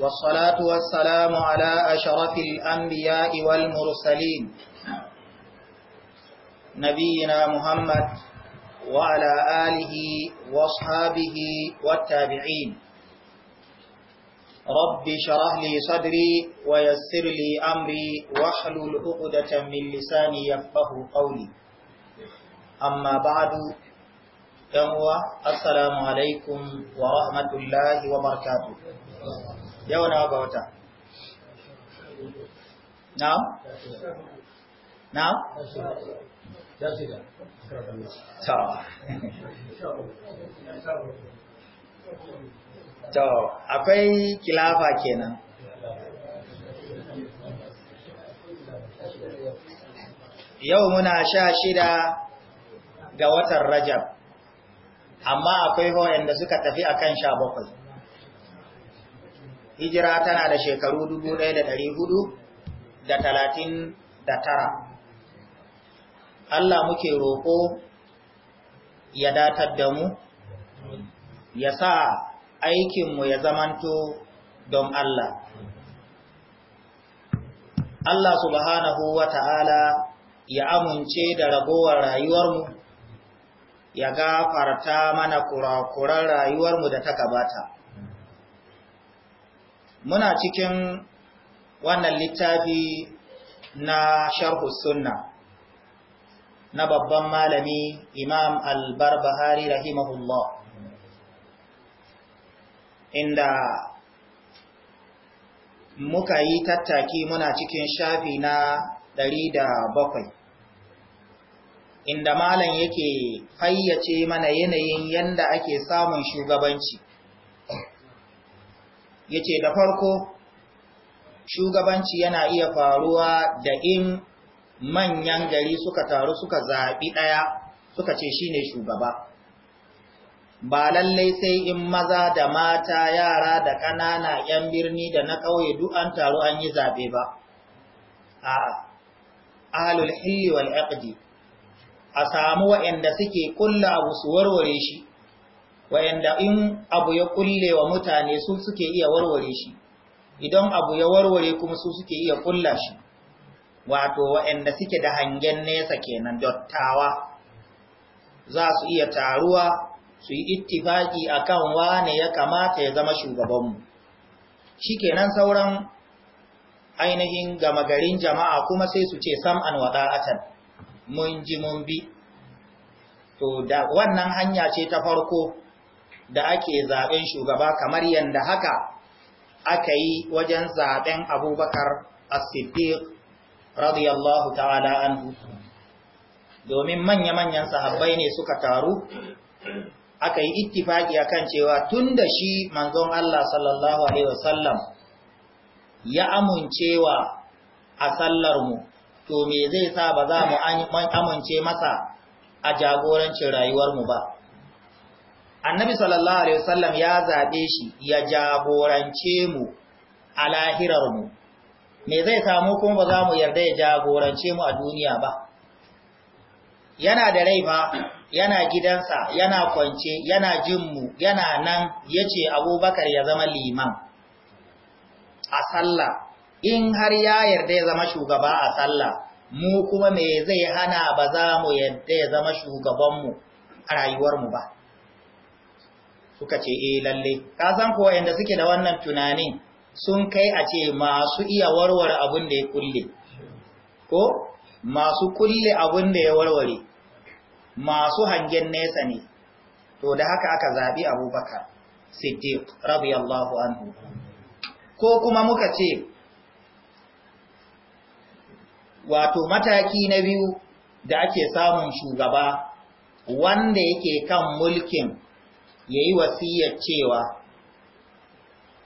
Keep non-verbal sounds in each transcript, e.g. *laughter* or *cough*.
والصلاة والسلام على أشرف الأنبياء والمرسلين نبينا محمد وعلى آله واصحابه والتابعين رب شرح لي صدري ويسر لي أمري واحلل عقدة من لساني يفقه قولي أما بعد السلام عليكم ورحمة الله وبركاته yau na ga wata na? na? *laughs* to akwai kilafa kenan yau muna sha shida ga watan rajab amma akwai hoyan da suka tafi akan sha bakwai hijira tana da shekaru dubu ɗaya da da da hudu talatin tara. Allah muke roƙo ya datar da mu ya sa aikinmu ya zamanto don Allah Allah subhanahu wa ta'ala ya amince da ragowar rayuwarmu ya gafarta mana kurakuran rayuwarmu da ta gabata muna cikin wannan littafi na sharhu sunna na babban malami imam al-barbahari rahimahullah inda muka yi tattaki muna cikin shafi na ɗari da bakwai, inda malam yake fayyace mana yanayin yanda ake samun shugabanci yace da farko shugabanci yana iya faruwa da in manyan gari suka taru suka zaɓi ɗaya suka ce shine shugaba ba lallai sai in maza da mata yara da ƙanana 'yan birni da na ƙauye duk an taru an yi zaɓe ba a ahlul hilli wal aqdi a samu waɗanda suke kulla abu su warware shi wayanda in abu ya kulle wa mutane su suke iya warware shi idan abu ya warware kuma su suke iya kulla shi wato wayanda suke da hangen nesa kenan dottawa za su iya taruwa su yi ittifaki kan wane ya kamata ya zama shugabanmu kenan sauran ainihin gama garin jama'a kuma sai su ce sam'an wada'atan mun ji mun bi to da wannan hanya ce ta farko da ake zaben shugaba kamar yadda haka aka yi wajen zaben abubakar as-siddiq radiyallahu ta'ala anhu domin manya-manyan sahabbai ne suka taru aka yi ittifaki akan cewa tunda shi manzon Allah sallallahu alaihi wasallam ya amincewa a sallar mu to me zai sa ba za mu amince masa a jagorancin rayuwar mu ba annabi sallallahu alaihi wasallam ya zaɓe shi ya jagorance mu a lahirar mu me zai samu kuma ba za mu yarda ya jagorance mu a duniya ba yana da rai fa yana gidansa yana kwance yana jin mu yana nan yace abubakar ya zama liman a sallah in har ya yarda ya zama shugaba a sallah mu kuma me zai hana ba za mu yarda ya zama shugabanmu a rayuwarmu ba suka ce eh lalle ka san ko wanda suke da wannan tunanin sun kai a ce masu iya warware abin da ya kulle ko masu kulle abin da ya warware masu hangen nesa ne to da haka aka zabi abubakar siddiq radiyallahu anhu ko kuma muka ce wato mataki na biyu da ake samun shugaba wanda yake kan mulkin ya yi wasiyar cewa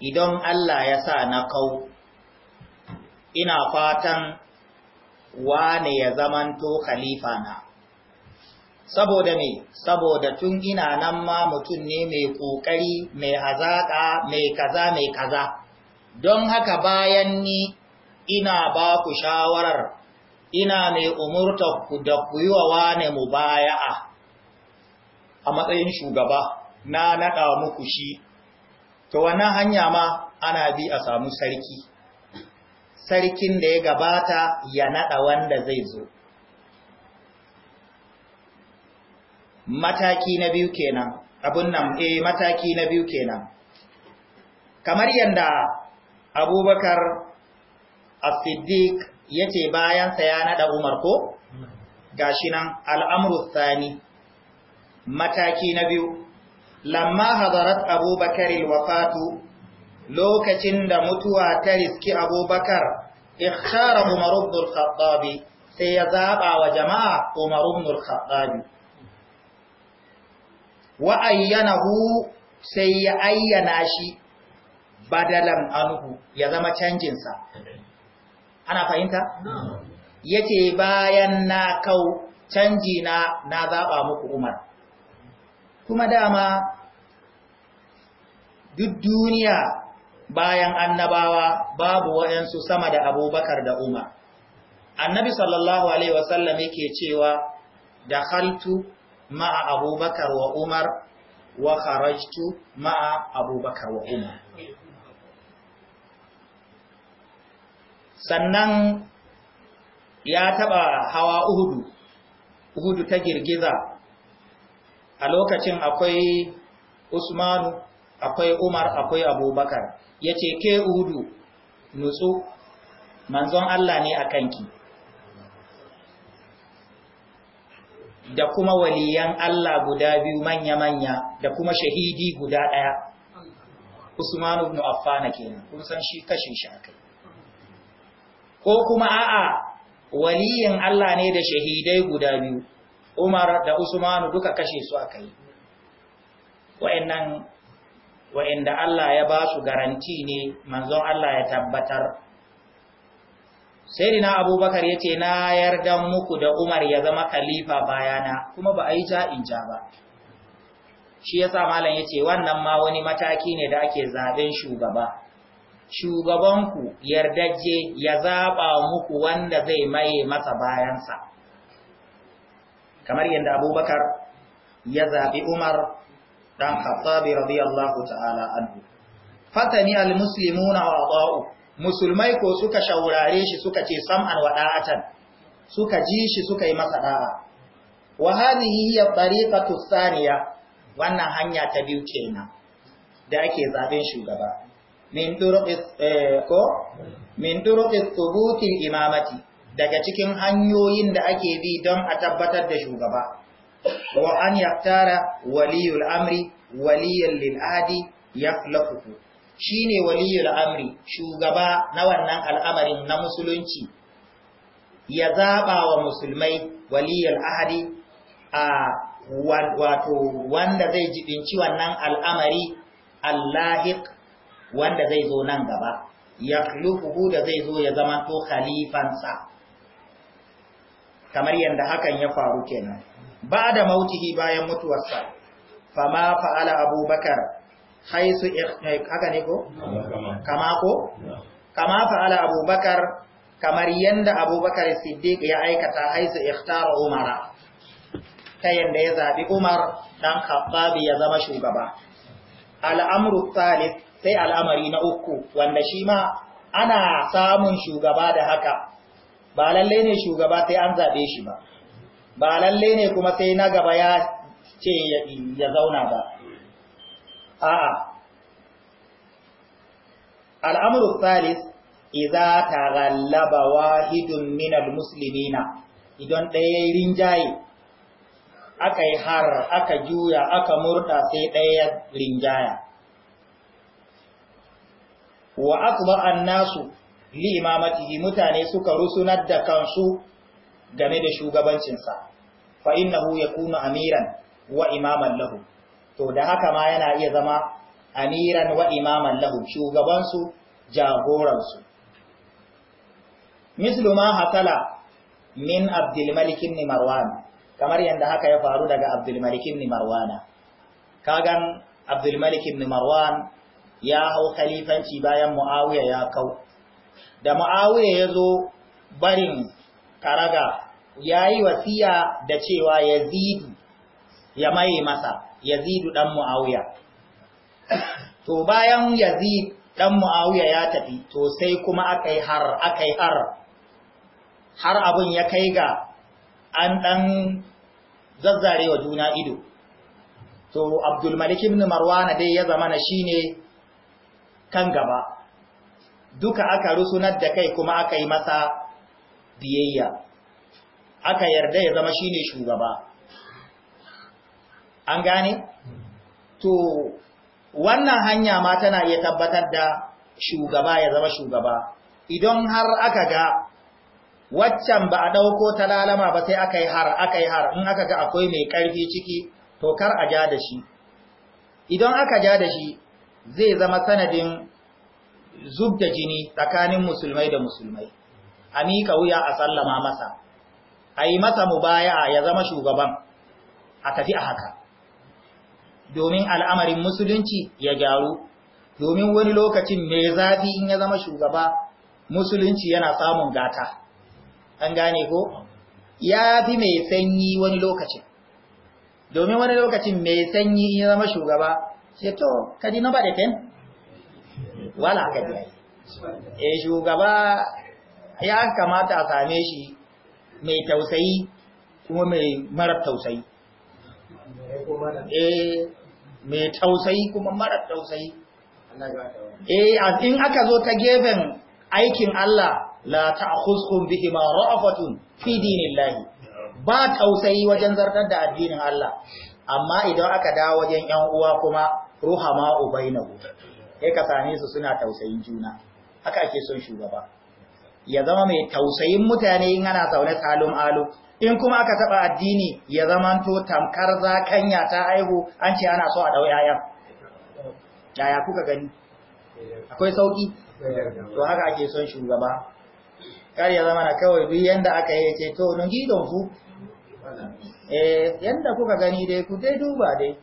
idan Allah ya sa na kau ina fatan wane ya zamanto khalifa na saboda me saboda tun ina nan ma mutum ne mai kokari mai hazaka mai kaza mai kaza don haka bayan ni ina ba ku shawarar ina mai umurta ku da ku yi wa wane mubaya'a a matsayin shugaba na naɗa muku shi to wannan hanya ma ana bi a samu sarki sarkin da ya gabata ya naɗa wanda zai zo mataki na biyu kenan abun nan eh mataki na biyu kenan kamar yadda abubakar as-siddiq yace bayansa ya naɗa umar ko gashi nan al'amru Sani. mataki na biyu lamma hadarat abubakar wafatu lokacin da mutuwa ta riski abubakar ikhtara umar ibn sai ya zaɓa wa jama'a umar ibn Wa khattab hu sai ya ayyana shi badalan anhu ya zama canjinsa ana fahimta yace bayan na kau canji na na zaba muku umar kuma dama duk duniya bayan annabawa babu waɗansu sama da abubakar da umar annabi sallallahu alaihi wasallam yake cewa da haltu ma'a abubakar wa umar wa kharajtu ma'a abubakar wa umar sannan ya taba hawa uhudu uhudu ta girgiza a lokacin akwai usmanu akwai umar akwai abubakar ya ce ke udu nutsu manzon Allah ne a kanki da kuma waliyan Allah guda biyu manya-manya da kuma shahidi guda ɗaya usmanu ibn affana kenan kun san shi kashin shi akai ko kuma a'a waliyin Allah ne da shahidai guda biyu umar da usmanu duka kashe su aka yi wa'annan wa'anda Allah ya ba su garanti ne manzon Allah ya tabbatar Sai sayyidina abubakar yace na yarda muku da umar ya zama khalifa bayana kuma ba a yi ja'in ba shi yasa malam yace wannan ma wani mataki ne da ake zaben shugaba shugabanku yardajje ya zaba muku wanda zai maye masa bayansa kamar yadda abubakar ya zaɓi umar ɗan khattabi radiyallahu ta'ala anhu fatani almuslimuna wa adau musulmai ko suka shaurare shi suka ce sam'an wa da'atan suka ji shi suka yi masa da'a wa hadhihi hiya tariqatu thaniya wannan hanya ta biyu kenan da ake zaben shugaba min turuq eh, ko min turuq imamati daga cikin hanyoyin da ake bi don a tabbatar da shugaba wa an yaktara waliyul amri waliyul lil'adi Shi shine waliyul amri shugaba na wannan al'amarin na musulunci ya zaba wa musulmai waliyul ahadi a wato wanda zai jibinci wannan al'amari allahiq wanda zai zo nan gaba ya da zai zo ya zama to khalifansa kamar yadda hakan ya faru kenan ba da mautihi bayan mutuwarsa fa'ala abubakar haisu eh, haka ne ko? kama ko? kama fa'ala abubakar kamar yadda abubakar siddiq ya aikata haisu ikhtara umara ta yadda ya zaɓi umar ɗan khattabi ya zama shugaba al'amru talib sai al'amari na uku wanda shi ma ana samun shugaba da haka ba lalle ne shugaba sai an zaɓe shi ba ba lalle ne kuma sai na gaba ya ce ya zauna ba a'a al'amuru salis idza taghallaba wahidun minal muslimina idan ɗaya rinjaye aka yi har aka juya aka murda sai ɗaya rinjaya wa akbar annasu li imamatihi mutane suka rusunar da kansu game da shugabancinsa fa innahu yakunu amiran wa imaman lahu to da haka ma yana iya zama amiran wa imaman lahu shugabansu jagoransu mislu ma hasala min abdul malik ibn kamar yadda haka ya faru daga abdul malik marwana kagan abdul malik ibn marwan ya hau khalifanci bayan muawiya ya kau da ma'awiya ya zo barin karaga ya yi wasiya da cewa yazidu ya maye masa yazidu ɗan mu'awiya to bayan yazid dan mu'awiya ya tafi to sai kuma yi har yi har har abun ya kai ga an ɗan zazzarewa juna ido to Abdulmalik ibn Marwana dai ya zamana shine kan gaba duka aka rusunar da kai kuma aka yi masa biyayya aka yarda ya zama shine shugaba an gane to wannan hanya ma tana iya tabbatar da shugaba ya zama shugaba idan har aka ga waccan ba a ɗauko ta lalama ba sai aka yi har aka yi har in aka ga akwai mai karfi ciki to kar a ja da shi idan aka ja da shi zai zama sanadin zub da jini tsakanin musulmai da musulmai a miƙa wuya a sallama masa a yi masa mubaya ya zama shugaban a tafi a haka domin al'amarin musulunci ya gyaru domin wani lokacin mai zafi in ya zama shugaba musulunci yana samun gata an gane ko ya fi mai sanyi wani lokacin domin wani lokacin mai sanyi in ya zama shugaba sai to kadi na da ten wala aka biya eh shugaba ya kamata a same shi mai tausayi kuma mai marar tausayi eh mai tausayi kuma marar tausayi eh in aka zo ta gefen aikin Allah la ta'khuzkum bihima ra'afatun fi dinillahi ba tausayi wajen zartar da addinin Allah amma idan aka dawo wajen 'yan uwa kuma ruhama ubainahu kai ka same su suna tausayin juna haka ake son shugaba ya zama mai tausayin mutane in ana zaune salum alu in kuma aka taba addini ya zama to tamkar zakanya ta aihu an ce ana so a dau yaya yaya kuka gani akwai sauki to haka ake son shugaba kar ya zama na kawai duk yanda aka yi ce to nan gidon ku eh yanda kuka gani dai ku dai duba dai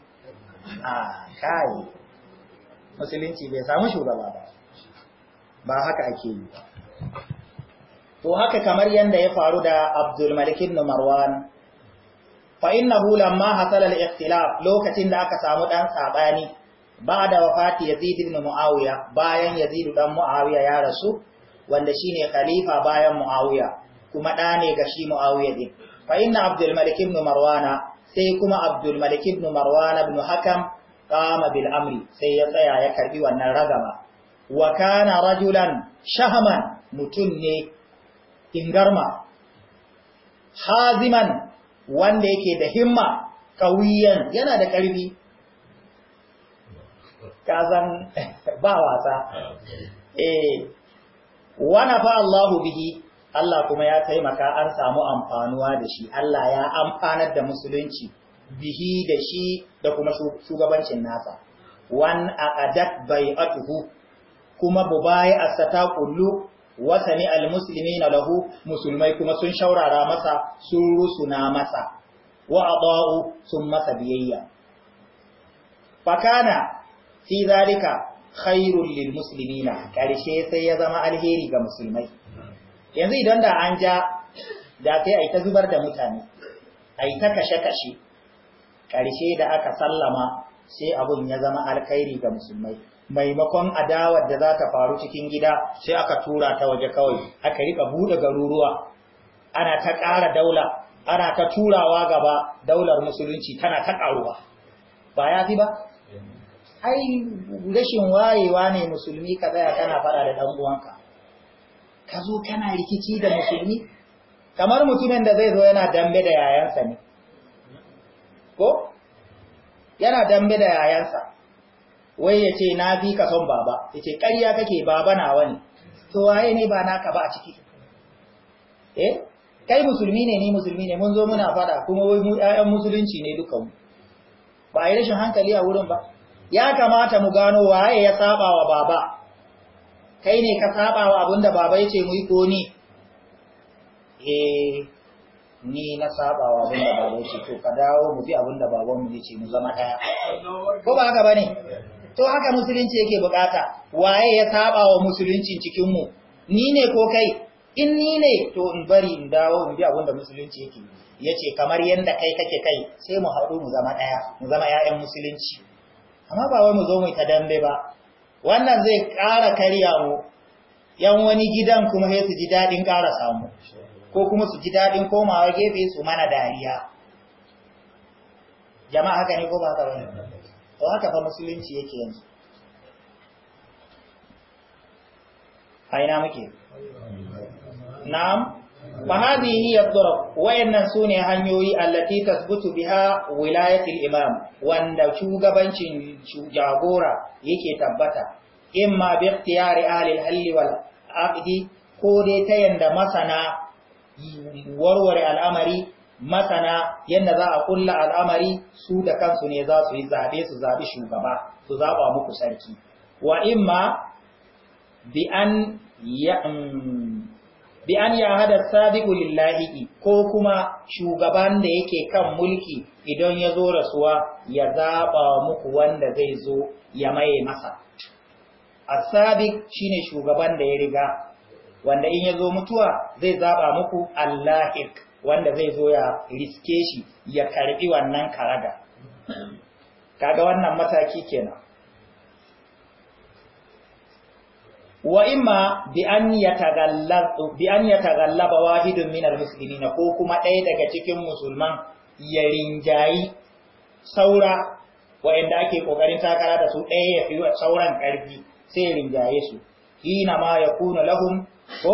a ah, kai musulunci bai samu shugaba ba ba haka ake yi ba to haka kamar yanda ya faru da Abdul Malik ibn Marwan fa innahu lamma hasala al-ikhtilaf lokacin da aka samu dan sabani ba'da wafati Yazid ibn Muawiya bayan Yazid dan Muawiya ya rasu wanda shine khalifa bayan Muawiya kuma da ne ga shi Muawiya din fa inna Abdul Malik ibn Marwana sai kuma Abdul Malik ibn Marwan ibn Hakam qama bil amri sai ya tsaya ya karbi wannan ragama wa kana rajulan shahaman mutun ne ingarma haziman wanda yake da himma kawiyan yana da karfi kazan *laughs* ba wasa eh wana fa Allahu bihi Allah kuma ya taimaka an samu amfanuwa da shi Allah ya amfanar da musulunci bihi da shi da kuma shugabancin nasa wan aqadat bai'atuhu kuma bubai'atsa ta kullu wasani almuslimina lahu musulmai kuma sun shaurara masa sun rusuna masa wa adau sun masa biyayya fakana fi zalika khairul lilmuslimina karshe sai ya zama alheri ga musulmai yanzu idan da an ja da sai ai ta zubar da mutane ai ta kashe kashe Karshe da aka sallama sai abun ya zama alkhairi ga musulmai maimakon adawar da za ta faru cikin gida sai aka tura ta waje kawai aka rika buɗe garuruwa ana ta ƙara daula ana ta turawa gaba daular musulunci tana ta ƙaruwa ba ya fi ba ai rashin wayewa ne musulmi ka tsaya kana fara da ɗan uwanka ka zo kana rikici da musulmi kamar mutumin da zai zo yana dambe da yayansa ne ko yana dambe da yayansa wai ya ce na fi ka son baba ya ce ƙarya kake baba na wani to waye ne ba naka ba a ciki eh kai musulmi ne ni musulmi ne mun zo muna fada kuma wai mu ƴaƴan musulunci ne dukanmu ba a yi rashin hankali a wurin ba ya kamata mu gano waye ya saba wa baba kai ne ka saba wa abinda baba ya ce mu yi ko ni eh ni na saba wa abin da baba ya ce to ka dawo mu bi abin da baban mu ce mu zama daya ko ba haka bane to haka musulunci yake bukata waye ya saba wa musulunci cikin mu ni ne ko kai in ni ne to in bari in dawo mu bi abin da musulunci yake yace kamar yanda kai kake kai sai mu haɗu mu zama daya mu zama ƴaƴan musulunci amma ba wai mu zo mu ta dambe ba wannan zai ƙara karya mu yan wani gidan kuma sai su ji daɗin ƙara samu ko kuma su ji daɗin komawa gefe su mana dariya jama'a haka ne ko ba haka bane to haka fa musulunci yake yanzu a muke na'am fa hadhihi yadrab wayannan sune hanyoyi allati tasbutu biha al imam wanda shugabancin jagora yake tabbata imma bi ikhtiyari ahli al-halli wal aqdi ko dai ta yanda masana warware al'amari masana yadda za a kulla al'amari su da kansu ne za su yi zaɓe su zaɓi shugaba su zaɓa muku sarki wa imma bi an ya mm, hada sabiqu lillahi ko kuma shugaban da yake kan mulki idan ya zo rasuwa ya zaɓa muku wanda zai zo ya maye masa Asabi shine shugaban da ya riga wanda in ya zo mutuwa zai zaba muku allahik wanda zai zo ya riske shi ya karbi wannan karaga kaga wannan mataki kenan wa imma bi an bi an yataghallaba wahidun min almuslimina ko kuma ɗaya daga cikin musulman ya rinjayi saura wa'anda ake kokarin takara da su ɗaya ya fi sauran ƙarfi sai rinjaye su hina ma yakuna lahum ko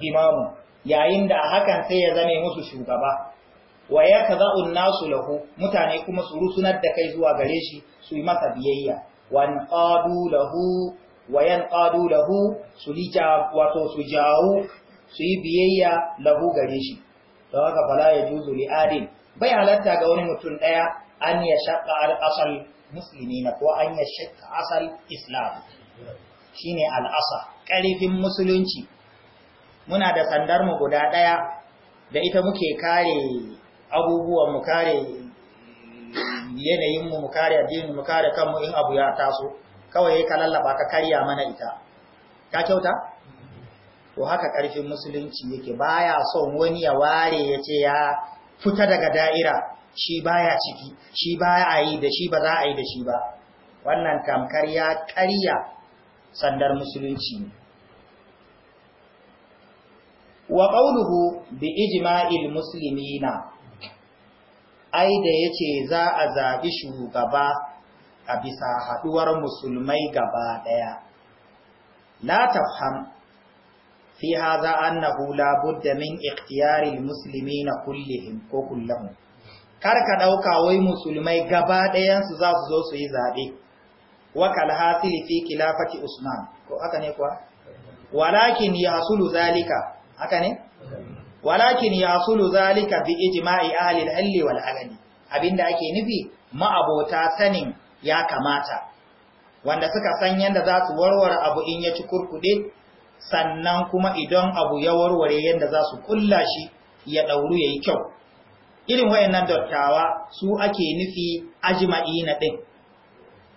imamu yayin da hakan sai ya zame musu shugaba wa ya kaza'u nasu lahu mutane kuma su rusunar da kai zuwa gare shi su yi masa biyayya wa anqadu lahu wa yanqadu lahu su lija wato su jawo su yi biyayya lahu gare shi To haka fala ya juzu li adin bai halatta ga wani mutum daya an ya shaqqa al asal muslimina ko an ya shaqqa asal islam shine al'asa ƙarfin musulunci muna da sandar mu guda ɗaya da ita muke kare abubuwan mu kare yanayin mu mu kare addinin mu kare kanmu in abu ya taso kawai ka lallaba ka karya mana ita ka kyauta to haka ƙarfin musulunci yake baya son wani ya ware ya ce ya fita daga da'ira shi baya ciki shi baya a yi da shi ba za a yi da shi ba wannan tamkar ya ƙarya. sandar musulunci ne wa qawluhu bi ijma'il muslimina ai da yace za a zabi shugaba a bisa haɗuwar musulmai gaba daya la tafham fi hadha annahu la budda min ikhtiyari musulmina kullihim ko kullum. kar ka dauka wai musulmai gaba ɗayansu za su zo su yi zabe wa kal hasili fi khilafati usman ko haka ne kuwa walakin yasulu zalika haka ne walakin yasulu zalika bi ijma'i ahli al-halli wal alani abinda ake nufi ma'abota sanin ya kamata wanda suka san yadda za su warware abu in ya ci kurkude sannan kuma idan abu ya warware yadda za su kulla shi ya dauru yayi kyau irin wayannan dattawa su ake nufi ajima'i na ɗin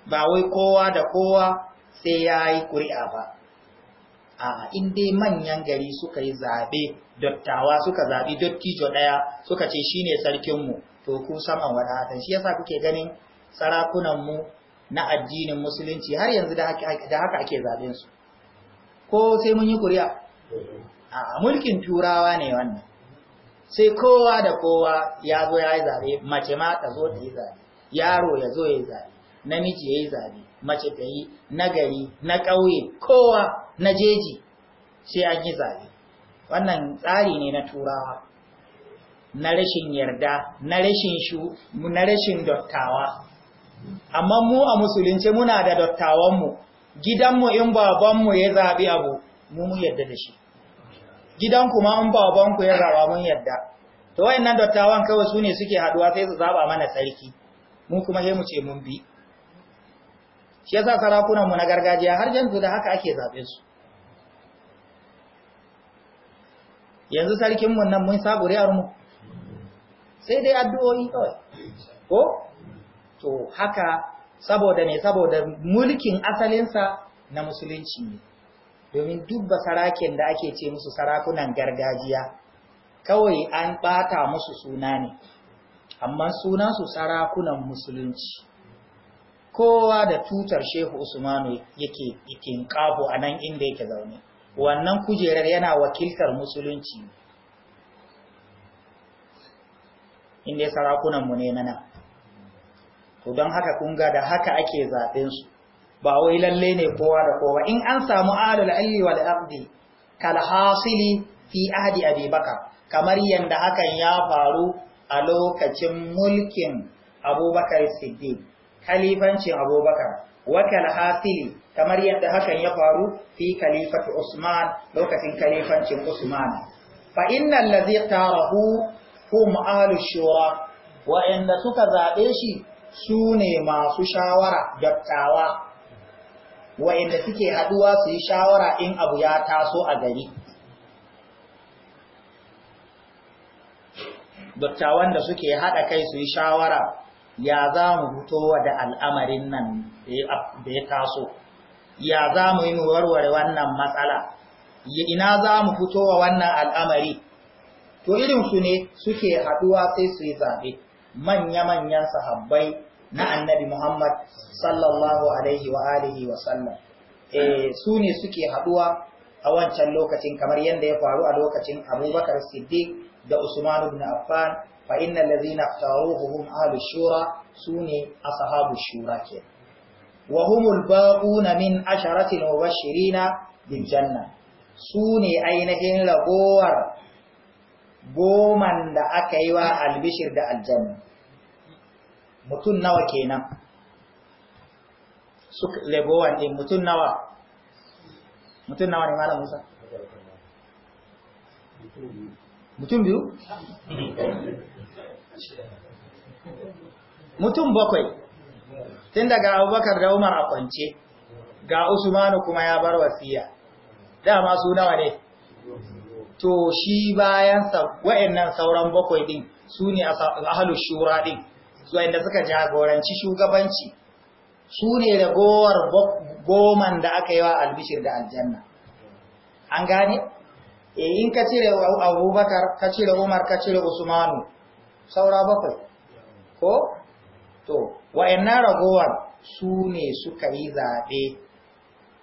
ba wai kowa da kowa sai ya yi ƙuri'a ba a dai manyan gari suka yi zaɓe dottawa suka zaɓi dottijo ɗaya suka ce shi ne sarkinmu to ku saman wadatan shi yasa kuke ganin sarakunanmu na addinin musulunci har yanzu da haka ake zaɓensu ko sai mun yi ƙuri'a a mulkin turawa ne wannan sai kowa da kowa ya zo ya yi zaɓe mace ma ta zo ta yi zaɓe yaro ya zo ya yi zaɓe namiji yayi zabe mace ta yi nagari na ƙauye kowa na jeji sai an yi zabe wannan tsari ne na turawa na rashin yarda na rashin shu na rashin dottawa amma mu a musulunci muna da dottawanmu gidanmu in babanmu ya zaɓi abu mu mu yarda da shi gidan kuma in babanku ya zaba mun yarda to wayannan dattawan kawai su ne suke haduwa sai su zaba mana sarki mu kuma sai mu ce mun bi shi yasa sarakunanmu na gargajiya har yanzu da haka ake zaɓe su yanzu sarkinmu nan mun sabu mu sai dai addu'o'i kawai ko to haka saboda ne saboda mulkin asalinsa na musulunci ne domin dubba sarakin da ake ce musu sarakunan gargajiya kawai an ɓata musu suna ne amma sunansu sarakunan musulunci kowa da tutar shehu usmanu yake itin ƙaho a nan inda yake zaune wannan kujerar yana wakiltar musulunci inda ya sarakunanmu ne na nan to don haka kunga da haka ake su. ba wai lalle ne kowa da kowa in an samu alul alli wal abdi kal hasili fi ahdi abi bakar kamar yanda hakan ya faru a lokacin mulkin abubakar siddiq khalifancin Abubakar wakal hasili kamar yadda hakan ya faru fi khalifatu Usman lokacin kalifancin Usman fa inna allazi tarahu hum alu shura wa inda suka zabe shi sune masu shawara dattawa wa inda suke haduwa su yi shawara in abu ya taso a gari dattawan da suke hada kai su yi shawara ya za mu fitowa da al'amarin nan da ya taso ya za mu yi warware wannan matsala ina za mu fitowa wannan al'amari to irinsu ne suke haduwa sai su yi zaɓe manya-manyan sahabbai na annabi Muhammad sallallahu alaihi wa alihi wa sallam eh su ne suke haduwa a wancan lokacin kamar yadda ya faru a lokacin Abubakar Siddiq da Usman ibn Affan fa inna allazina taruhum ahlu shura suni ashabu shura ke wa humul baquna min asharatil mubashirina bil janna sune ainihin lagowar goman da aka yi wa albishir da aljanna Mutun nawa kenan suk legowan din mutun nawa Mutun nawa ne malam Musa mutum biyu mutum bakwai tun daga abubakar da umar a kwance ga usmanu kuma ya bar wasiya dama su nawa ne to shi bayan wa'annan sauran bakwai din su ne a ahalus shura din su da suka jagoranci shugabanci su ne ragowar goman da aka yi wa albishir da aljanna an gane Eh, in ka cire abubakar ka cire umar ka cire usmanu saura bakwai ko to wa'annan ragowar su ne suka yi zaɓe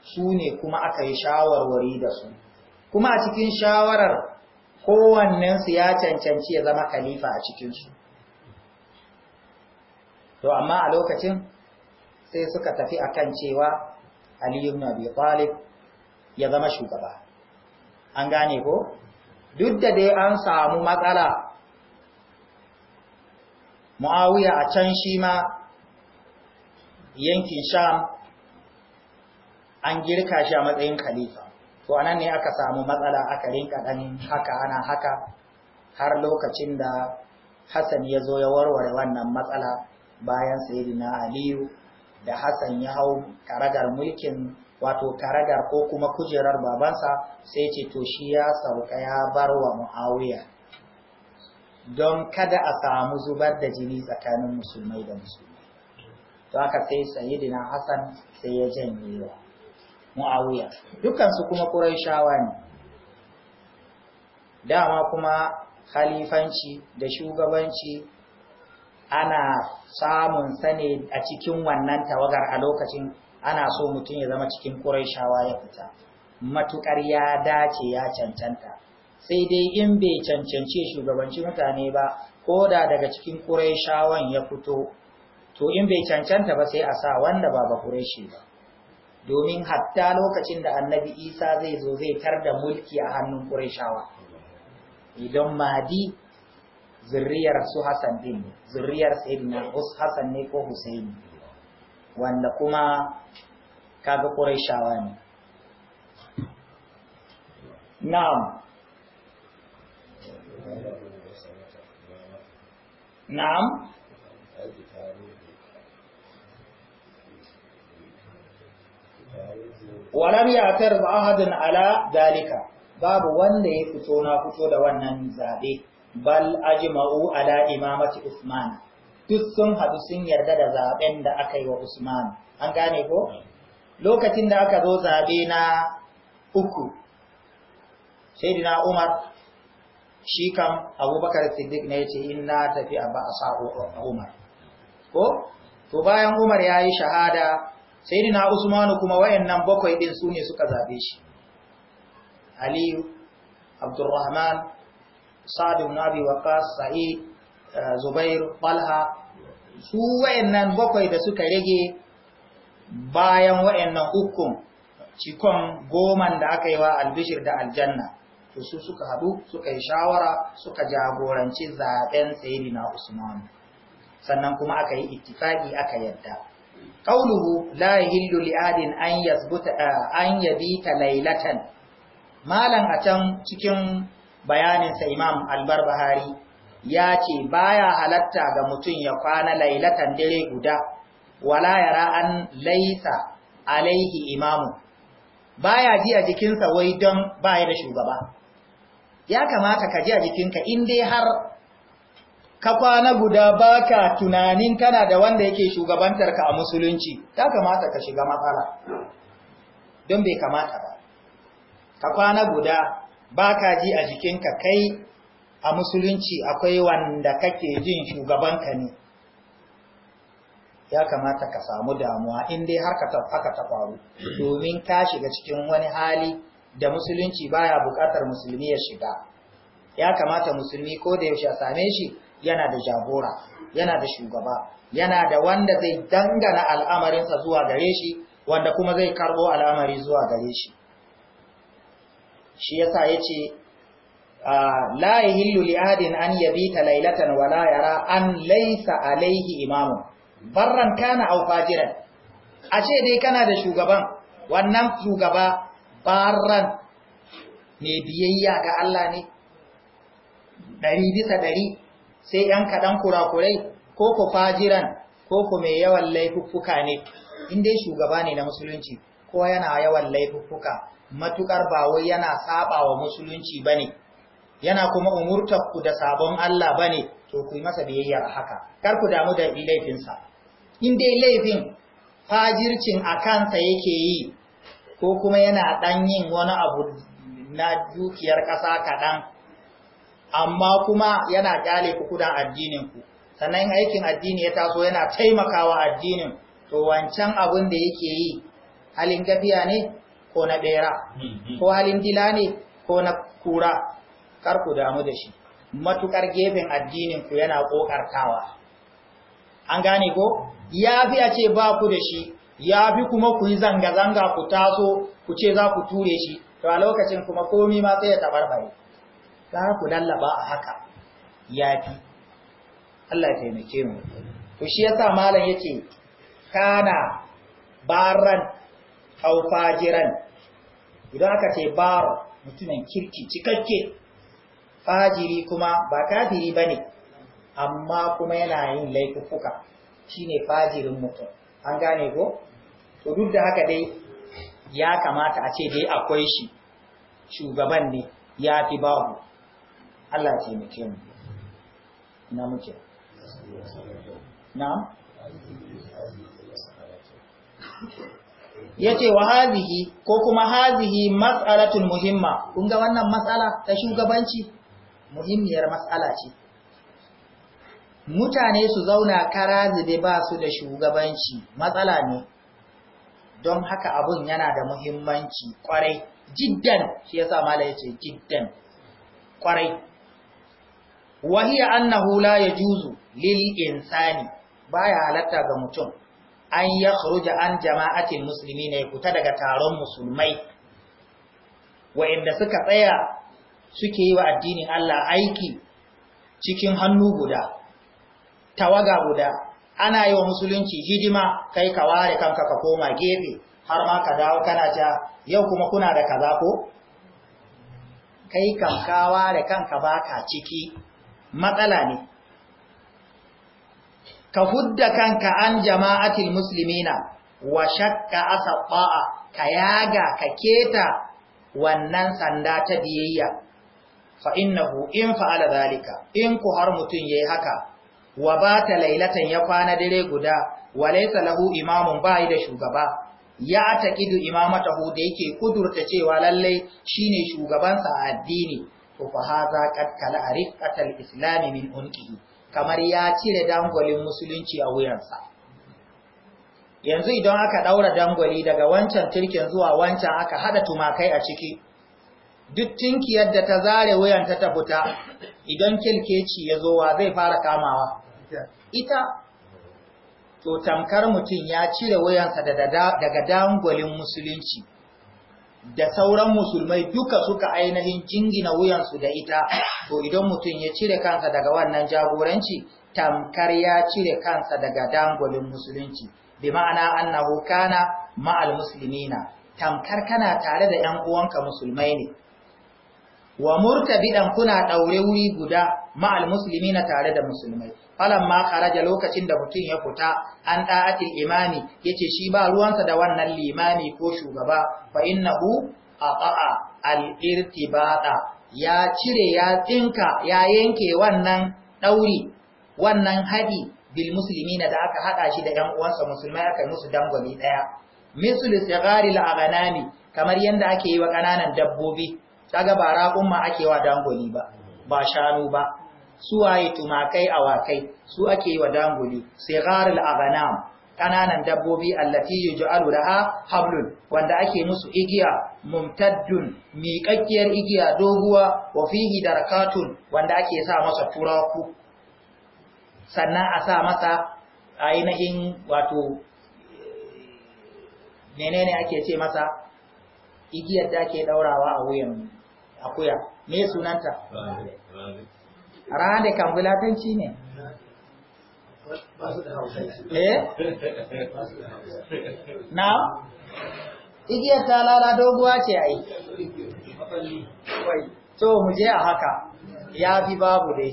su ne kuma aka yi shawarwari da su kuma a cikin shawarar kowannensu ya cancanci ya zama kalifa a cikinsu to amma a lokacin sai suka tafi akan cewa aliyu na biyu ya zama shugaba an gane ko duk da dai an samu matsala mu'awiya a can shi ma yankin sham an girka shi a matsayin khalifa to anan ne aka samu matsala aka rinka dan haka ana haka har lokacin da Hassan ya zo ya warware wannan matsala bayan sayyidina Aliyu da Hassan ya hau karagar mulkin wato da ko kuma kujerar babansa sai ce to shi ya sauka ya bar wa muawiya don kada a samu zubar da jini tsakanin musulmai da musulmai to haka sai sayyidina hasan sai ya janye wa muawiya dukansu su kuma quraishawa ne dama kuma khalifanci da shugabanci ana samun sane a cikin wannan tawagar a lokacin ana so mutum ya zama cikin ƙuraishawa ya fita matuƙar ya dace ya cancanta sai dai in bai cancanci shugabanci mutane ba ko da daga cikin ƙuraishawan ya fito to in bai cancanta ba sai a sa wanda ba ba ƙuraishi ba domin hatta lokacin da annabi isa zai zo zai tar da mulki a hannun ƙuraishawa idan mahadi, zurriyar su hassan din zurriyar sayyidina hassan ne ko husaini wanda kuma kaga ƙuraishawa ne na'am na'am walam yatar tarba ahadin ala dalika babu wanda ya fito na fito da wannan zaɓe, bal Ajima'u ala imamati usman duk sun haɗu sun yarda da zaben da aka yi wa Usman an gane ko lokacin da aka zo zabe na uku sayyidina Umar shi kam Abubakar Siddiq ne yace inna tafi a a Umar ko to bayan Umar ya yi shahada sayyidina Usman kuma wayannan bakwai ɗin su ne suka zabe shi Aliyu Abdurrahman Sa'd ibn Abi Sa'id Eh, zubair falha su wayannan bakwai da suka rage bayan wayannan hukun cikon goman da aka yi wa albishir da aljanna to su suka haɗu suka yi shawara suka jagoranci zaben sayyidina usman sannan kuma aka yi ittifaqi aka yadda qauluhu la yahillu li adin an yasbuta eh, an yabita malan a can cikin bayanin sa imam albarbahari ya ce ba ya halatta ga mutum ya kwana lailatan dare guda wala ya an laisa alaihi imamu Ba ya ji a jikinsa wai don ba ya da shugaba ya kamata ka ji a jikinka in dai har ka kwana guda ba ka tunanin kana da wanda yake shugabantar ka a musulunci ya kamata ka shiga matsala don bai kamata ba ka kwana guda ba ka ji a jikinka kai a musulunci akwai wanda kake jin shugabanka ne ya kamata ka samu damuwa in dai har haka ta faru domin ka shiga cikin wani hali da musulunci baya buƙatar musulmi ya shiga ya kamata musulmi ko da yaushe same shi yana da jagora yana da shugaba yana da wanda zai dangana al'amarinsa zuwa gare shi wanda kuma zai karbo al'amari zuwa gare shi shi yasa yace la yahillu li ahadin an yabita laylatan wa la yara an laysa alayhi imamun barran kana aw fajiran ashe dai kana da shugaban wannan shugaba barran ne biyayya ga Allah ne Dari bisa ɗari sai ‘yan ɗan kurakurai ko ku fajiran ko ku mai yawan laifuffuka ne In dai shugaba ne na musulunci ko yana yawan laifuffuka matukar ba wai yana saba wa musulunci ba ne yana kuma umurtar ku da sabon Allah bane to ku yi masa biyayyar haka kar ku damu da laifinsa in dai laifin fajircin a kansa yake yi ko kuma yana ɗan yin wani abu na dukiyar ƙasa kaɗan amma kuma yana ƙyale ku kudan addininku sannan aikin addini ya taso yana taimakawa addinin to wancan abin da yake yi halin gafiya ne ko na ɓera mm-hmm. ko halin dila ne ko na kura kar ku damu da shi matukar gefen addinin ku yana kokartawa an gane ko yafi a ce ba ku da shi yafi kuma ku yi zanga-zanga ku taso ku ce za ku ture shi to a lokacin kuma komai ma sai ya tabarbare gara ku lallaba a haka yafi Allah ya taimake mu to shi yasa malam yake kana baran aw fajiran idan aka ce bar mutumin kirki cikakke fajiri kuma ba kafiri ba ne amma kuma yana yin shi shine fajirin mutum an gane ko to duk da haka dai ya kamata a ce dai akwai shi shugaban ne ya fi ba babu Allah ce mu mu na muke na yace wa hazihi ko kuma hazihi mas'alatul muhimma kun ga wannan matsala ta shugabanci muhimmiyar matsala ce mutane su zauna karazide zube ba su da shugabanci matsala ne don haka abun yana da muhimmanci kwarai jiddan shi yasa mala yace jiddan kwarai wahiya annahu la yajuzu lil insani baya halatta ga mutum an khuruja an jama'atil muslimina ya fita daga taron musulmai Wa inda suka tsaya suke yi wa addinin Allah aiki cikin hannu guda tawaga guda ana yi wa musulunci hidima kai ka ware kanka ka koma gefe har ma ka dawo kana ta yau kuma kuna da kaza ko kai kan ka ware kanka baka ciki matsala ne ka hudda kanka an jama'atil muslimina wa shakka asabba'a ka yaga ka keta wannan sanda ta biyayya fa innahu in fa'ala zalika in ku har mutun yayi haka wa bata lailatan ya kwana dare guda wa laysa lahu imamun bai da shugaba ya taqidu imamatahu da yake kudurta cewa lalle shine shugabansa a addini to fa haza kala ariqatal islam min unqihi kamar ya cire dangwalin musulunci a wuyansa yanzu idan aka daura dangwali daga wancan turkin zuwa wancan aka haɗa tumakai a ciki duk tinkiyar da ta zare wayan ta fita idan kilkeci ya zo wa zai fara kamawa ita to tamkar mutum ya cire wuyansa daga dangolin musulunci da sauran musulmai duka suka ainihin jingina wuyansu da ita to idan mutum ya cire kansa daga wannan jagoranci tamkar ya cire kansa daga dangolin musulunci bi ma'ana annahu kana ma'al muslimina tamkar kana tare da 'yan uwanka musulmai ne wa murtabidan kuna daure wuri guda ma'al muslimina tare da musulmai falan ma kharaja lokacin da mutum ya fita an da'atil imami yace shi ba ruwansa da wannan limami ko shugaba fa innahu aqa'a al-irtibata ya cire ya tsinka ya yanke wannan dauri wannan hadi bil muslimina da aka hada shi da yan uwansa musulmai aka yi musu dangwami daya mislu sigari al-aghanami kamar yanda ake yi wa kananan dabbobi kaga ba raƙun ma ake wa dangoli ba ba shanu ba su waye tumakai awakai su ake wa dangoli gharil aghanam kananan dabbobi allati yuj'alu laha hablun wanda ake musu igiya mumtaddun miƙakkiyar igiya doguwa wa fihi darakatun wanda ake sa masa turaku sannan a sa masa ainihin wato menene ake ce masa igiyar da ake daurawa a wuyan mu? akuya me sunanta rane kan ne eh na igiyar ta lara doguwa ce ai to mu je a haka ya fi babu dai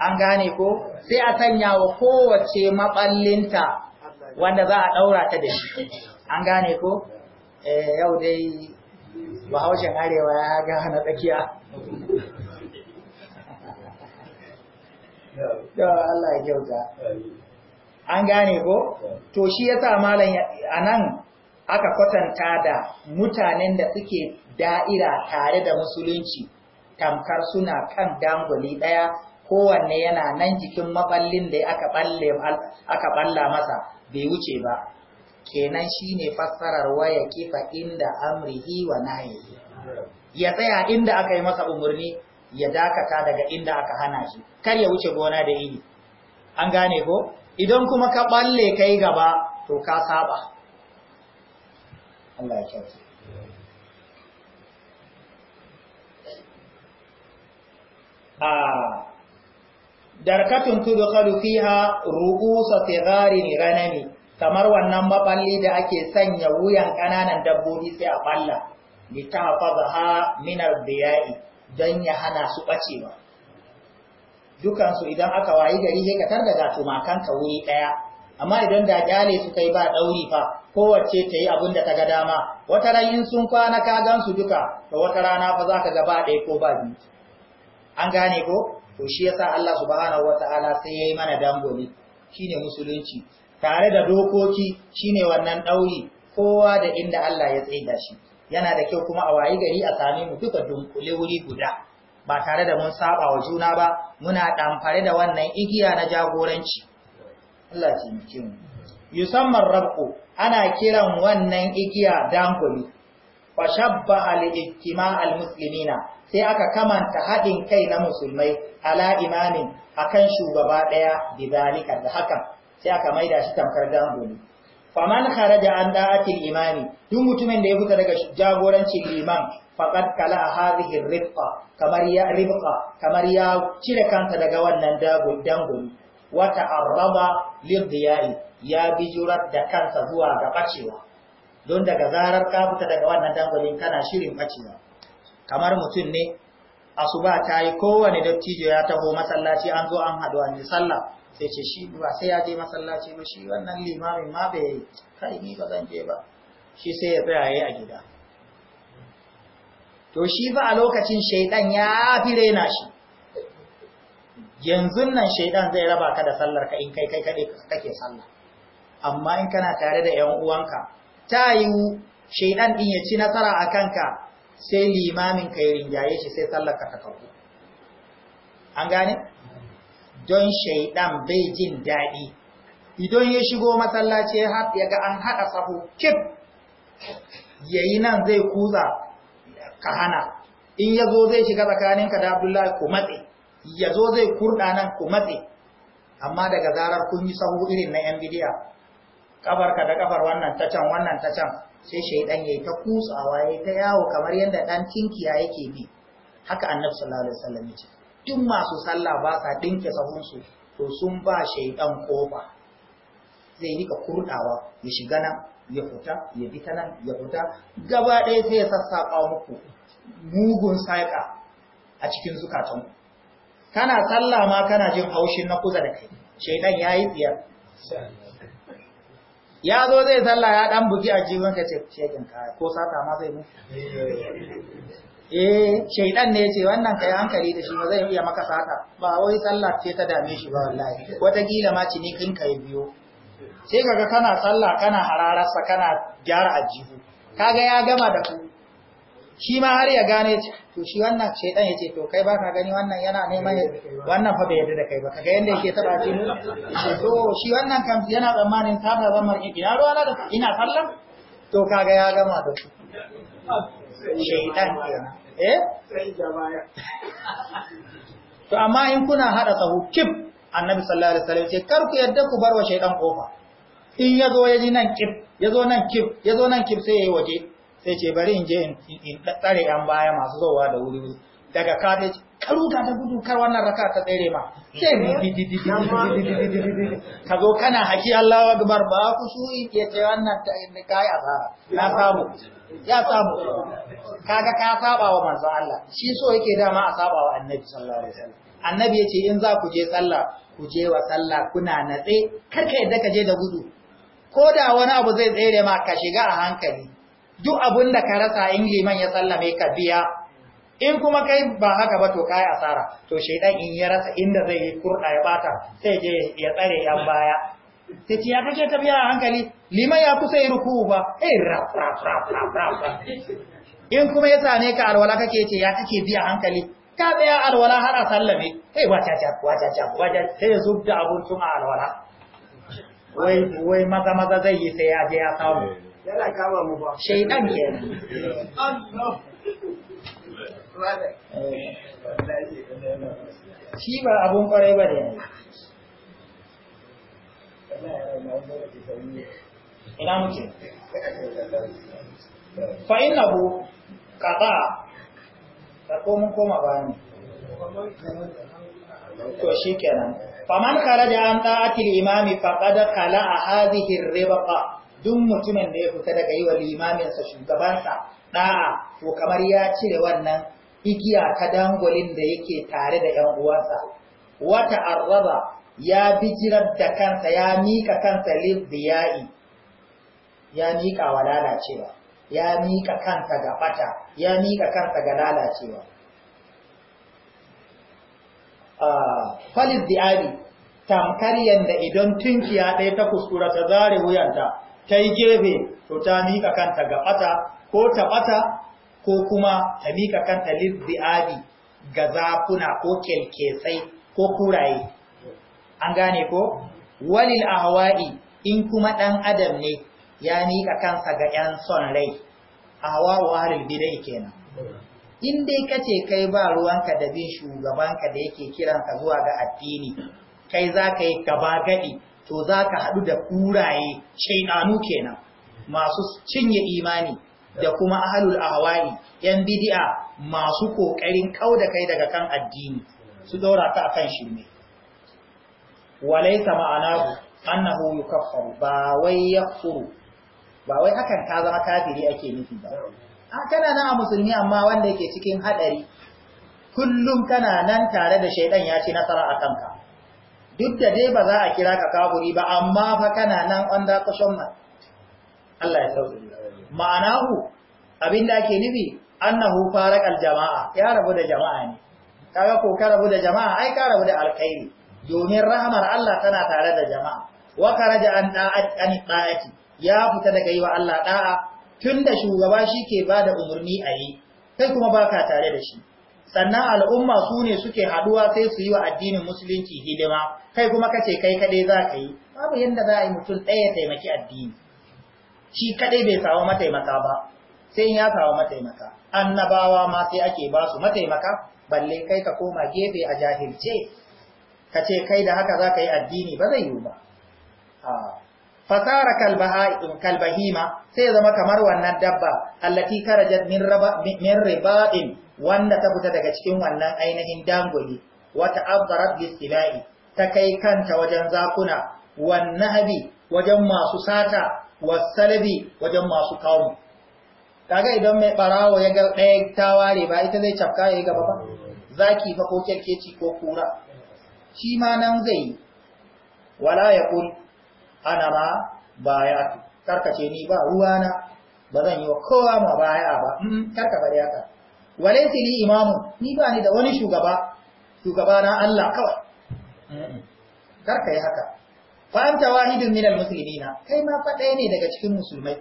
an gane ko sai a sanya wa kowace maballinta wanda za a ɗaura ta da shi an gane ko eh, yau dai bahaushen arewa ya ga na tsakiya yau Allah ya kyauta an gane ko to shi yasa malam nan aka kwatanta da mutanen da suke da'ira tare da musulunci tamkar suna kan danguli daya kowanne yana nan jikin maballin da aka balle masa bai wuce ba kenan shine fassarar waya kifa inda amrihi wa nahi ya tsaya inda aka yi masa umarni ya dakata daga inda aka hana shi kar ya wuce gona da ini an gane ko idan kuma ka balle kai gaba to ka saba Allah ya kyautu a darkatun tudu tudkhalu fiha ru'usa tigharin ranami. kamar wannan maballi da ake sanya wuyan ƙananan dabbobi sai a balla li tahfazaha min al-biya'i don ya hana su bacewa dukansu idan aka wayi gari sai ka tarda tumakan ka wuri daya amma idan da kyale su kai ba dauri fa kowace ta yi abin da ta ga dama wata ran in sun kwana ka gansu duka to wata rana fa zaka ga ba ɗaya ko ba biyu an gane ko to shi yasa Allah subhanahu wataala sai yayi mana dangoli shine musulunci tare da dokoki shine wannan ɗauri kowa da inda Allah ya tsaida shi yana da kyau kuma a wayi gari a same mu duka dunkule wuri guda ba tare da mun saba wa juna ba muna ɗamfare da wannan igiya na jagoranci Allah ya mu yusamman ana kiran wannan igiya dangoli wa shabba al-ijtima al-muslimina sai aka kamanta haɗin kai na musulmai ala a akan shugaba ɗaya zalika da hakan sai aka maida shi tamkar gambo ne faman kharaja an da'atil imani duk mutumin da ya fita daga jagorancin liman faqad kala hadhihi rifqa kamar ya rifqa kamar ya cire kansa daga wannan dago dangoni wa ta'arraba lidhiyai ya bi bijurat da kansa zuwa ga bacewa don daga zarar ka fita daga wannan dangolin kana shirin bacewa kamar mutum ne asuba ta yi kowane dattijo ya taho masallaci an zo an haɗu an yi sallah sai ce shi ba sai ya je masallaci ba shi wannan limamin ma bai yi kai ni ba zan je ba shi sai ya tsaya yayi a gida to shi ba a lokacin shaidan ya fi rena shi yanzu nan shaidan zai raba ka da sallar ka in kai kai kade kake sallah amma in kana tare da ƴan uwanka ta yiwu shaidan din ya ci nasara a kanka sai limamin ka yi rinjaye shi sai sallaka ta karbu an gane don shaidan bai jin daɗi idan ya shigo masallaci ya ga an haɗa sahu kif yayi nan zai kuza ka hana in yazo zo zai shiga tsakaninka da abdullahi ku matse ya zo zai kurɗa nan ku matse amma daga zarar kun yi sahu irin na yan bidiya Ƙafarka da kafar wannan ta can wannan ta can sai shaidan yayi ta kutsawa yayi ta yawo kamar yadda ɗan kinkiya yake bi haka annabi sallallahu alaihi wasallam ce duk masu sallah ba sa dinke sahun to sun ba shaidan kofa zai rika kurɗawa ya shiga nan ya fita ya bi nan ya fita gaba ɗaya sai ya sassaƙa muku mugun saƙa a cikin zukatanku kana sallah ma kana jin haushin na da kai shaidan yayi tsiyar ya zo zai sallah ya dan buki a jiwon ka ce shekin kaya ko sata ma zai mu eh shaidan ne yace wannan kai hankali da shi ba zai iya maka sata ba wai sallah ce ta dame shi ba wallahi wata gila ma ci ne kin kai biyo sai kaga kana sallah kana harararsa kana gyara ajihu kaga ya gama da ku shi ma har ya gane to shi wannan shaidan ya ce to kai ba ka gani wannan yana neman wannan fa bai yarda da kai ba kaga yanda yake taba ce mu to shi wannan kan yana tsammanin ta da zamar ki ya ruwa da ina sallan to kaga ya gama da shi shaidan kenan eh sai jama'a to amma in kuna hada sahu kib annabi sallallahu alaihi wasallam ce kar ku yarda ku barwa shaidan kofa in yazo yaji nan kib yazo nan kib yazo nan kib sai yayi waje sai ce bari in je in tsare yan baya masu zowa da wuri wuri daga ka karuta ka gudu kar wannan raka ta tsere ma sai ni ka zo kana haki Allahu akbar ba ku su ya ce wannan ta in kai asara na samu ya samu kaga ka saba wa manzo Allah shi so yake dama a saba wa annabi sallallahu alaihi wasallam annabi yace in za ku je sallah ku je wa sallah kuna natse kar ka yadda ka je da gudu ko da wani abu zai tsere ma ka shiga a hankali duk abin da ka rasa in liman ya sallame ka biya in kuma kai ba haka ba to kai asara to shaydan in ya rasa inda zai yi kurda ya bata sai je ya tsare yan baya sai ya kace ta biya a hankali liman ya kusa yi ruku ba eh rap rap rap rap rap in kuma ya same ka alwala kake ce ya kake biya hankali ka tsaya alwala har a sallame eh wata ta wata ta wata sai ya zubta abun tun alwala wai wai maza maza zai yi sai ya je ya samu yana kama mu ba shaidan kenan shi ba abun kwarai ba ne ina muke fa innahu qada da ko mun koma bani to shikenan faman da an ta'ati al-imami faqad qala hadhihi ar-ribqa duk mutumin da ya fita daga yi wa limaminsa shugabansa ɗa'a Ko kamar ya cire wannan igiya ta dangolin da yake tare da ‘yan uwansa wata arraba ya bijirar da kansa ya mika kansa libbiya'i ya mika wa lalacewa ya mika kansa ga fata ya mika kansa ga lalacewa ah, falis di'ali tamkar yadda idan tunkiya ɗaya ta kuskura ta zare wuyanta ta yi gefe to ta miƙa kanta ga ɓata ko ta ɓata ko kuma ta miƙa kanta abi ga zafuna ko kyalkesai ko kuraye an gane ko walil ahwa'i in kuma ɗan adam ne ya miƙa kansa ga 'yan son rai ahwa'u ahlul bidai kenan in dai kace kai ba ruwanka da bin shugabanka da yake kiranka zuwa ga addini kai za ka yi gaba gadi to za ka haɗu da ƙuraye shaidanu kenan masu cinye imani da kuma ahalul ahwa'i yan bidi'a masu ƙoƙarin kau da kai daga kan addini su ɗora ta akan ne walaisa ma'ana annahu yukaffaru ba wai furu. ba wai hakan ta zama kafiri ake nufi ba a kana nan a musulmi amma wanda yake cikin haɗari. kullum kana nan tare da shaiɗan ya ci nasara a kanka duk da dai ba za a kira ka kafuri ba amma fa kana nan on da man Allah ya sauke ma'anahu abinda ake nufi annahu al jama'a ya rabu da jama'a ne kaga ko ka rabu da jama'a ai ka rabu da alkhairi domin rahmar Allah tana tare da jama'a wa karaja an qa'ati ya fita daga yi wa Allah da'a tunda shugaba shike da umurni a yi kai kuma baka tare da shi sannan al'umma su ne suke haduwa sai su yi wa addinin musulunci hidima kai kuma kace kai kadai za ka yi babu yadda za a yi mutum ɗaya taimaki addini shi kadai bai samu mataimaka ba sai ya samu mataimaka annabawa ma sai ake ba su mataimaka balle kai ka koma gefe a jahilce ka ce kai da haka za ka yi addini ba zai yiwu ba fasara kalbahima sai zama kamar wannan dabba allati karajat min riba'in wanda ta fita daga cikin wannan ainihin dangoli wata abdarat bisila'i ta kai kanta wajen zakuna wan nahbi wajen masu sata wasalbi wajen masu kawo kaga idan mai barawo ya ga ɗaya ta ware ba ita zai cafka ya gaba ba zaki fa ko kyarkeci ko kura shi ma nan zai yi wala ya kun ana ma baya karkace ni ba ruwana ba zan yi wa kowa ma baya ba mm, karka bari haka wale sili imamu ni ba ni da wani shugaba shugaba na Allah kawai karka yi haka fa anta wahidun minal muslimina kai ma fa ɗaya ne daga cikin musulmai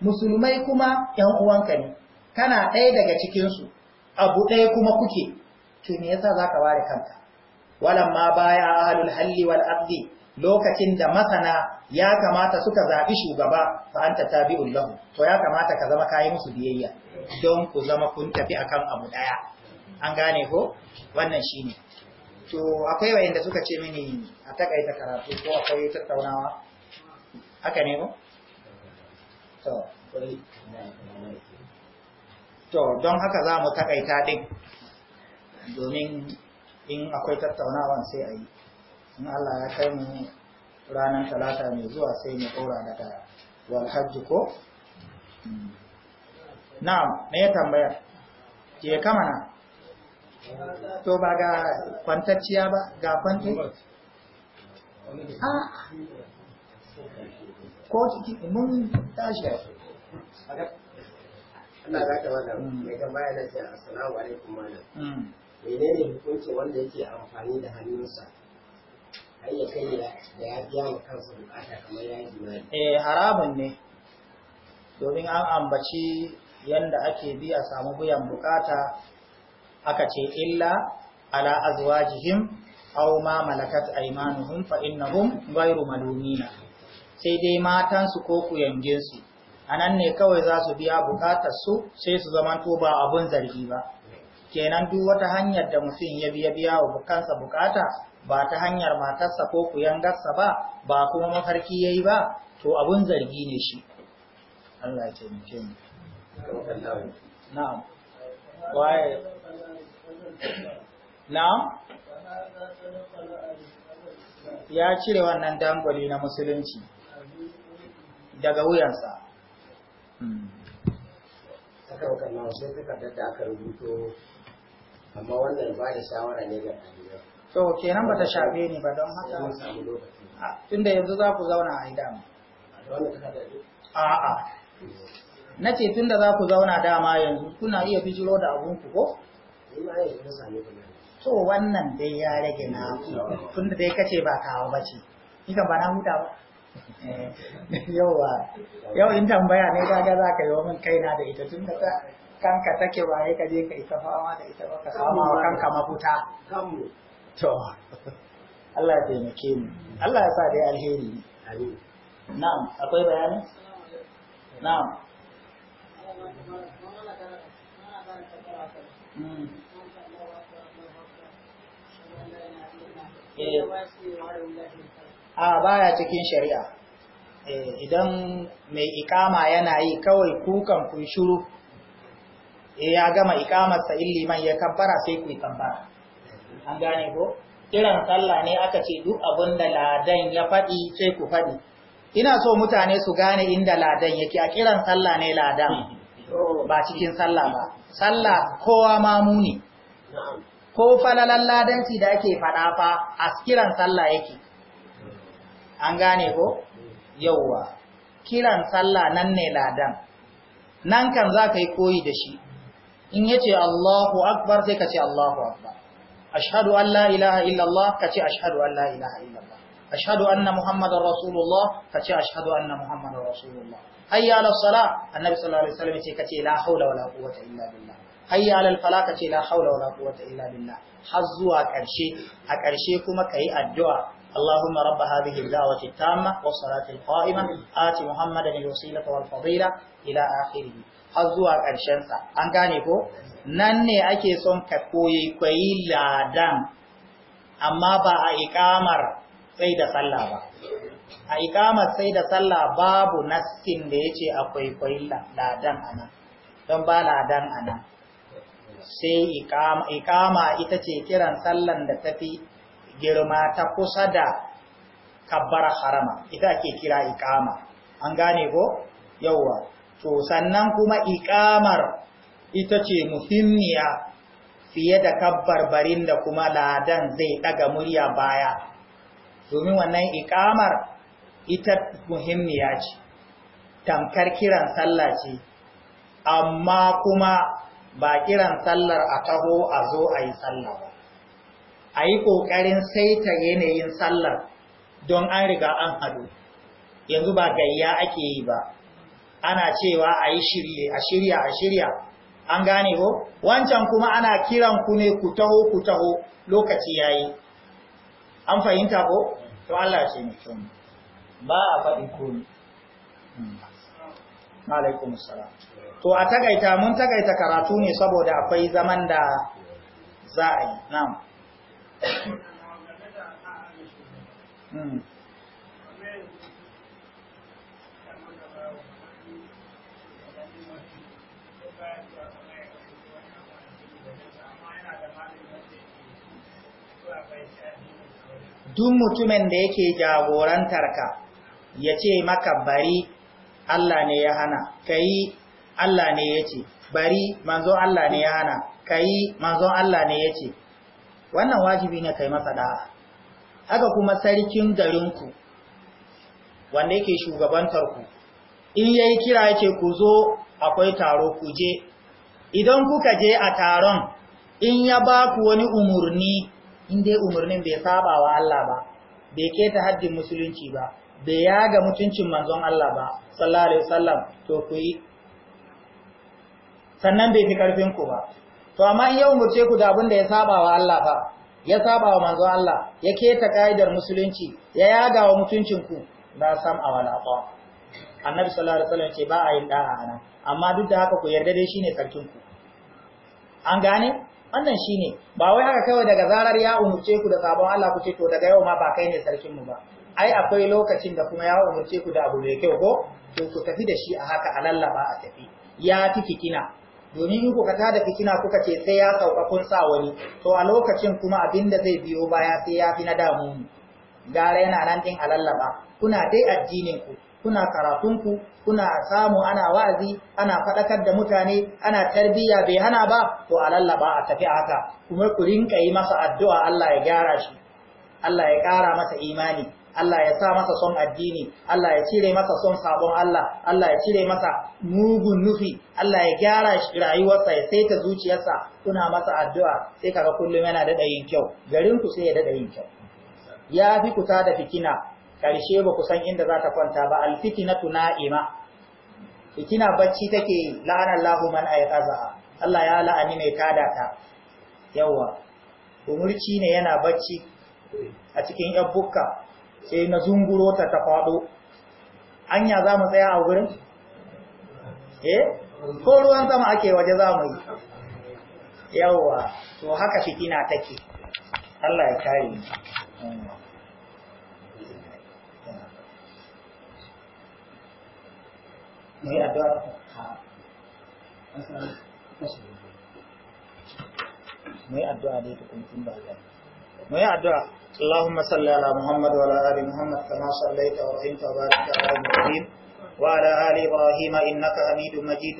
musulmai kuma 'yan uwanka ne kana ɗaya daga cikin su abu ɗaya kuma kuke to me yasa zaka ware kanka walamma baya ahlul halli wal aqdi lokacin da masana ya kamata suka zaɓi shugaba fa ta tabi'un ullahu to ya kamata ka zama kayi musu biyayya don ku zama kun tafi akan abu daya an gane ko wannan shine to akwai da suka ce mini a takaita karatu ko akwai tattaunawa haka ne ko to to don haka za mu takaita din domin in akwai tattaunawan sai a yi in Allah ya kai mu ranar talata mai zuwa sai mu ɗora ta walhajji ko? Na, me ya tambaya ke kama na to ba ga kwantacciya ba ga kwanci ah. ko ciki mun tashi Allah za ta wada mai tambaya na ce assalamu alaikum malam hmm. menene hukunci wanda yake amfani da hannunsa Eh haramun ne, domin an ambaci yanda ake bi a samu biyan bukata aka ce illa ala azwajihim aw ma malakat aymanuhum fa innahum ghayru malumina sai dai matan su ko kuyangin su anan ne kawai za su biya bukatar su sai su zaman to ba abun zargi ba kenan duk wata hanyar da mutum ya biya biya wa kansa bukata ba ta hanyar matarsa ko kuyangarsa ba ba kuma mafarki ya yi ba to abun zargi ne shi Allah ya taimake na'am waye na'am ya cire wannan dangwali na musulunci daga wuyansa hmm. saka wakannan sai suka da aka rubuto amma wannan ba da shawara ne ga ɗalibai to kenan bata shafe ni ba don haka tunda yanzu za ku zauna a dama a'a na ce tunda za ku zauna dama yanzu kuna iya fijiro da abunku ko? to wannan dai ya rage na tunda dai kace ba kawo ba ce ikan ba na huta ba eh, *laughs* yauwa yau in tambaya ne kaga za ka yi wa min kaina da ita tunda ka kanka take waye ka je ka isa fama da ita ba ka samu kanka mafuta to Allah ya taimake mu Allah ya sa dai alheri ne. na'am akwai bayani na'am hmm. eh, a baya cikin shari'a eh, idan mai ikama yana yi kawai kukan kun shuru eh, ya gama ikamarsa illiman liman ya kabbara sai ku yi kabbara an gane ko kiran sallah ne aka ce duk abin da ladan ya faɗi sai ku faɗi ina so mutane su gane inda ladan yake a kiran sallah ne ladan *laughs* ba cikin sallah ba sallah kowa mamu ne ko falalan ladanci da ake faɗa fa a kiran sallah yake an gane ko yauwa kiran sallah nan ne ladan nan kan za ka yi koyi da shi in yace Allahu akbar sai ka ce Allahu akbar ashhadu an la ilaha illallah kace ashhadu an la ilaha illallah ashhadu anna muhammadar rasulullah kace ashhadu anna muhammadar rasulullah hayya ala sala annabi sallallahu alaihi wasallam ce kace la haula wala quwwata illa billah hayya ala al fala kace la haula wala quwwata illa billah har zuwa karshe a karshe kuma kai addu'a اللهم رب هذه الدعوة التامة والصلاة القائمة آت محمدا الوسيلة والفضيلة إلى آخره har zuwa ƙarshensa an gane ko nan ne ake son ka koyi kwayi ladan amma ba a ikamar sai da sallah ba a ikamar sai da sallah babu naskin da ya ce akwai kwayi ladan ana don ba ladan ana sai ikama ita ce kiran sallan da tafi girma ta kusa da kabbar harama ita ake kira ikama an gane ko yauwa to sannan kuma ikamar ita ce muhimmiya fiye da barin da kuma ladan zai ɗaga murya baya domin wannan ikamar ita muhimmiya ce tamkar kiran sallah ce amma kuma ba kiran sallar a taho a zo a yi sallah ba a yi ƙoƙarin saita yanayin sallar don an riga an haɗu yanzu ba gayya ake yi ba ana cewa a yi shirye a shirya a shirya an gane ko wancan kuma ana kiran ku ne ku taho ku taho lokaci yayi an fahimta ko to Allah ce mutum ba a faɗi komi hmm. alaikum salam to a tagaita mun tagaita karatu ne saboda akwai zaman da za a yi na'am hmm. duk mutumin da yake jagorantarka ya ce maka bari Allah ne ya hana kayi Allah ne ya ce bari manzo Allah ne ya hana kayi manzo Allah ne ya ce wannan wajibi ne kai masa da'a haka kuma sarkin garinku wanda yake ku. in yayi kira yake ku zo akwai taro ku je idan kuka je a taron in ya ba ku wani umurni in dai umarnin bai saba wa Allah ba bai keta haddin musulunci ba bai yaga mutuncin manzon Allah ba sallallahu alaihi wasallam to ku yi sannan bai fi karfin ku ba to amma in yau umurce ku da abin da ya saba wa Allah ba ya saba wa manzon Allah ya keta kaidar musulunci ya yaga wa mutuncin ku na sam a wala qa annabi sallallahu alaihi wasallam ce ba a yin da'a nan amma duk da haka ku yarda dai shine sarkin ku an gane wannan shine ba wai haka kawai daga zarar ya umurce ku da sabon Allah ku ce to daga yau ma ba kai ne sarkin mu ba ai akwai lokacin da kuma ya umurce ku da abu mai kyau ko to ku tafi da shi a haka a lallaba a tafi ya fi fitina domin ku ka tada fitina kuka ce sai ya sauka kun sa wani to a lokacin kuma abin da zai biyo baya sai ya fi na damu gara yana nan din a lallaɓa. kuna dai addinin ku kuna karatunku kuna samu ana wa'azi ana faɗakar da mutane ana tarbiyya bai hana ba to a ba a tafi haka kuma ku rinka yi masa addu'a Allah ya gyara shi Allah ya ƙara masa imani Allah ya sa masa son addini Allah ya cire masa son sabon Allah Allah ya cire masa mugun nufi Allah ya gyara rayuwarsa ya ta zuciyarsa kuna masa addu'a sai kaga kullum yana daɗa yin kyau garinku sai ya daɗa yin kyau ya fi kusa da fikina Karshe ba ku san inda za ta kwanta ba alfitinatu na'ima fitina bacci take la'anar Allahu man ayqazaha Allah ya la'ani mai kada ta yawa umurci ne yana bacci a cikin yan bukka sai na zunguro ta ta fado anya za mu tsaya a wurin eh ko ruwan sama ake waje za mu yi yawa to haka fitina take Allah ya kare mu ka yi addu'a addu'a dai salli ala Muhammad wa ala ali Muhammad kama sallaita wa rahimta wa barakta ala ali Ibrahim innaka Majid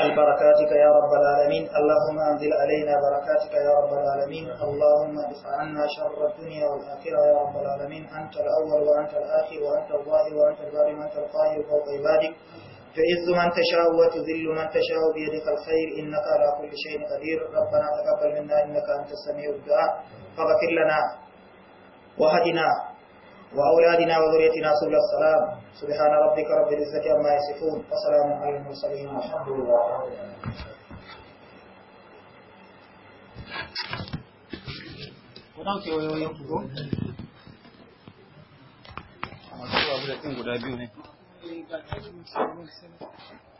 ببركاتك يا رب العالمين اللهم أنزل علينا بركاتك يا رب العالمين اللهم ادفع عنا شر الدنيا والآخرة يا رب العالمين أنت الأول وأنت الآخر وأنت الظاهر وأنت الباري وأنت القاهر فوق عبادك تعز من تشاء وتذل من تشاء بيدك الخير إنك على كل شيء قدير ربنا تقبل منا إنك أنت السميع الدعاء فغفر لنا وهدنا وأولادنا وذريتنا سبل السلام سبحان ربك رب العزة عما يصفون وسلام على المرسلين والحمد لله Kudan kewayoyin ku ko? A masu abu da guda biyu ne.